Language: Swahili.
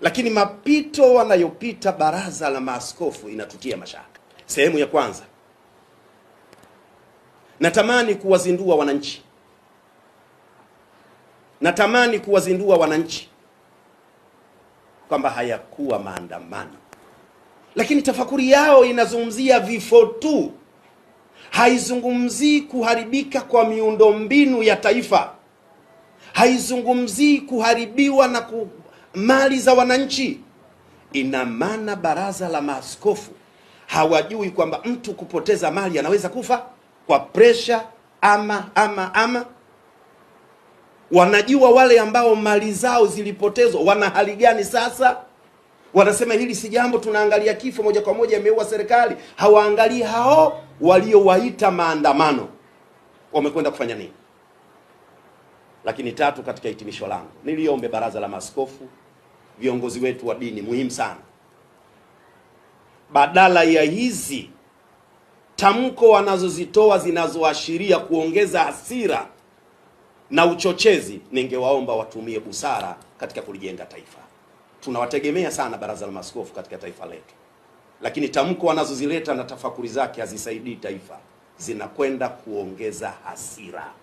Lakini mapito wanayopita baraza la maaskofu inatutia mashaka. Sehemu ya kwanza, natamani kuwazindua wananchi, natamani kuwazindua wananchi kwamba hayakuwa maandamano, lakini tafakuri yao inazungumzia vifo tu, haizungumzii kuharibika kwa miundombinu ya taifa, haizungumzii kuharibiwa na mali za wananchi. Ina maana baraza la maaskofu hawajui kwamba mtu kupoteza mali anaweza kufa kwa presha ama ama ama. Wanajua wale ambao mali zao zilipotezwa wana hali gani sasa. Wanasema hili si jambo, tunaangalia kifo moja kwa moja, imeua serikali. Hawaangalii hao waliowaita maandamano wamekwenda kufanya nini. Lakini tatu, katika hitimisho langu, niliombe baraza la maaskofu viongozi wetu wa dini, muhimu sana, badala ya hizi tamko wanazozitoa zinazoashiria kuongeza hasira na uchochezi, ningewaomba watumie busara katika kulijenga taifa. Tunawategemea sana baraza la maaskofu katika taifa letu, lakini tamko wanazozileta na tafakuri zake hazisaidii taifa, zinakwenda kuongeza hasira.